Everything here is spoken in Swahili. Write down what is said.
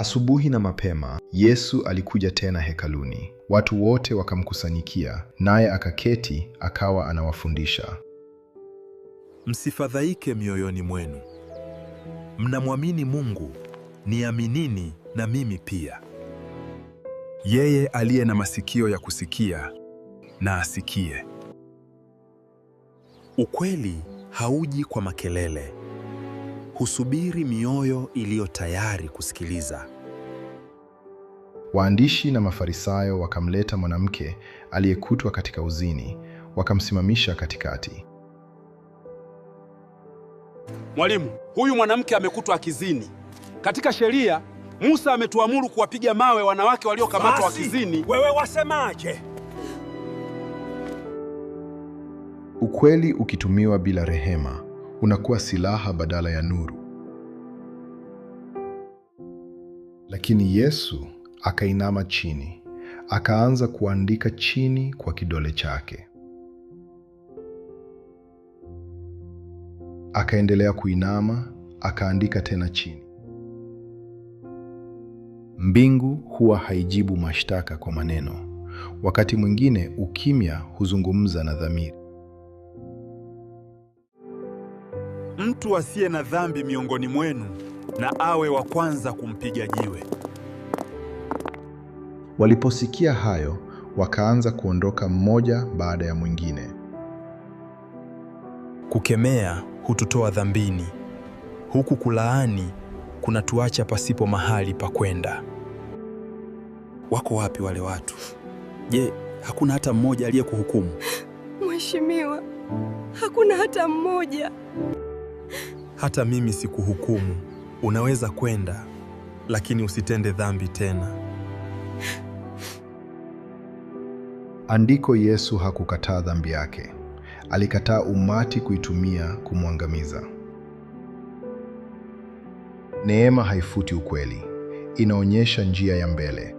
Asubuhi na mapema Yesu alikuja tena hekaluni, watu wote wakamkusanyikia, naye akaketi akawa anawafundisha. Msifadhaike mioyoni mwenu, mnamwamini Mungu, niaminini na mimi pia. Yeye aliye na masikio ya kusikia na asikie. Ukweli hauji kwa makelele, husubiri mioyo iliyo tayari kusikiliza. Waandishi na Mafarisayo wakamleta mwanamke aliyekutwa katika uzini, wakamsimamisha katikati. Mwalimu, huyu mwanamke amekutwa akizini. Katika sheria Musa ametuamuru kuwapiga mawe wanawake waliokamatwa wakizini. Wewe wasemaje? Ukweli ukitumiwa bila rehema unakuwa silaha badala ya nuru. Lakini Yesu akainama chini, akaanza kuandika chini kwa kidole chake. Akaendelea kuinama, akaandika tena chini. Mbingu huwa haijibu mashtaka kwa maneno. Wakati mwingine ukimya huzungumza na dhamiri. Mtu asiye na dhambi miongoni mwenu na awe wa kwanza kumpiga jiwe. Waliposikia hayo, wakaanza kuondoka mmoja baada ya mwingine. Kukemea hututoa dhambini, huku kulaani kunatuacha pasipo mahali pa kwenda. Wako wapi wale watu? Je, hakuna hata mmoja aliyekuhukumu? Mheshimiwa, hakuna hata mmoja hata mimi sikuhukumu. Unaweza kwenda, lakini usitende dhambi tena. Andiko, Yesu hakukataa dhambi yake, alikataa umati kuitumia kumwangamiza. Neema haifuti ukweli, inaonyesha njia ya mbele.